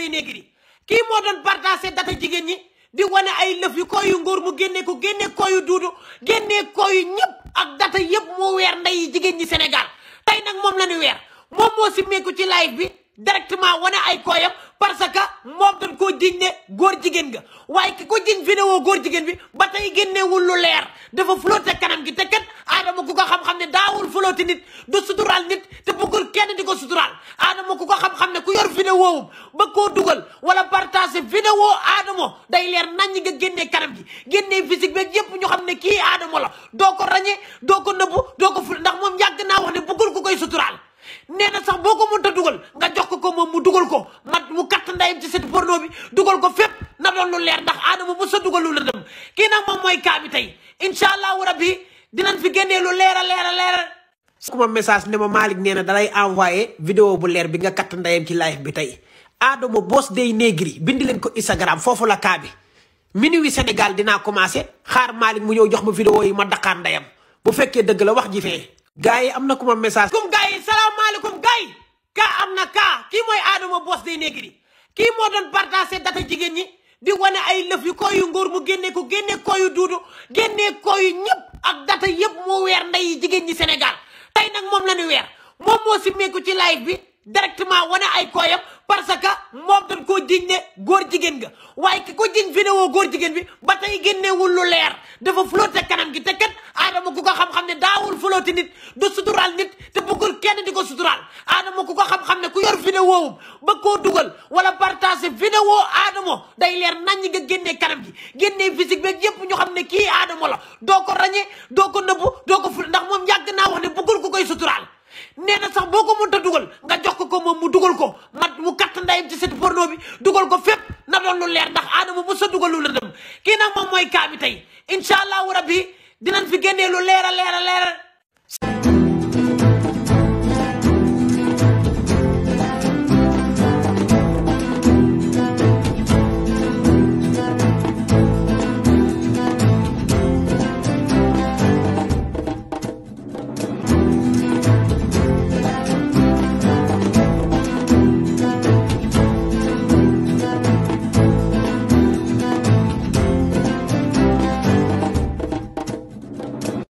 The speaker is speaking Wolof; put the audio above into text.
seen néegri kii moo doon partagé data jigéen ñi di wane ay lëf yu kooyu ngóor mu génnee ko génne kooyu duudu génne kooyu ñëpp ak data yëpp moo weer yi jigéen ñi Sénégal tey nag moom la ñu weer moom moo si ci live bi directement wane ay kooyam parce que moom dañ ko jiñ ne góor jigéen nga waaye ki ko jiñ vidéo góor jigéen bi ba tey génnewul lu leer dafa flotté kanam gi te ku ko xam-xam ne daawul folooti nit du suturaal nit te bëggul kenn di ko suturaal Adamo ku ko xam-xam ne ku yor vidéo woowum ba koo dugal wala partager vidéo Adamo day leer nañ nga génnee kanam gi génnee physique beeg yépp ñu xam ne kii Adamo la doo ko ràññee doo ko nëbbu doo ko ful ndax moom yàgg naa wax ne bëggul ku koy suturaal nee na sax boo ko mënta dugal nga jox ko ko moom mu dugal ko mat mu katt ndayam ci seen porno bi ko fépp na doon lu leer ndax Adamo bu sa la dem kii nag moom mooy kaa bi tey incha dinañ fi génnee lu leer a leer a leer su ma message ne ma Malick nee na dalay envoyé vidéo bu leer bi nga katt ndeyam ci live bi tey Adamo Boss Day Negri bind leen ko Instagram foofu la kaa bi wi Sénégal dinaa commencé xaar Malick mu ñëw jox ma vidéo yi ma daqaar ndeyam bu fekkee dëgg la wax ji fee gars yi am na ku ma message comme gars yi salaamaaleykum gars yi am na kaa kii mooy Adamo Boss Day Negri kii moo doon partagé data jigéen ñi di wane ay lëf yu kooyu ngóor mu ak data yépp moo weer ndeyi jigéen ñi Sénégal tey nag moom la weer moom moo simmeeku ci live bi directement wane ay kooyam parce que moom dañ ko jiñ ne góor jigéen ga waaye ki ko jiñ vidéo góor jigéen bi ba tey génneewul lu leer dafa flotté kanam gi te kat aadama ku ko xam-xam ne daawul flotté nit du suturaal nit te bëggul kenn di ko suturaal Adamo ku ko xam-xam ne ku yor vidéo ba koo dugal wala partager vidéo Adamo day leer nañ nga génnee kanam gi génnee physique beeg yépp ñu xam ne ki Adamo la doo ko ràññee doo ko nëbbu doo ko fu ndax moom yàgg naa wax ne bëggul ku koy suturaal nee na sax boo ko mënta dugal nga jox ko moom mu dugal ko mat mu katt ndayam ci seen porno bi dugal ko fépp na doon lu leer ndax Adamo bu sa dugal lu la dem kii nag moom mooy kaa bi tey incha allahu rabbi dinañ a leer a leer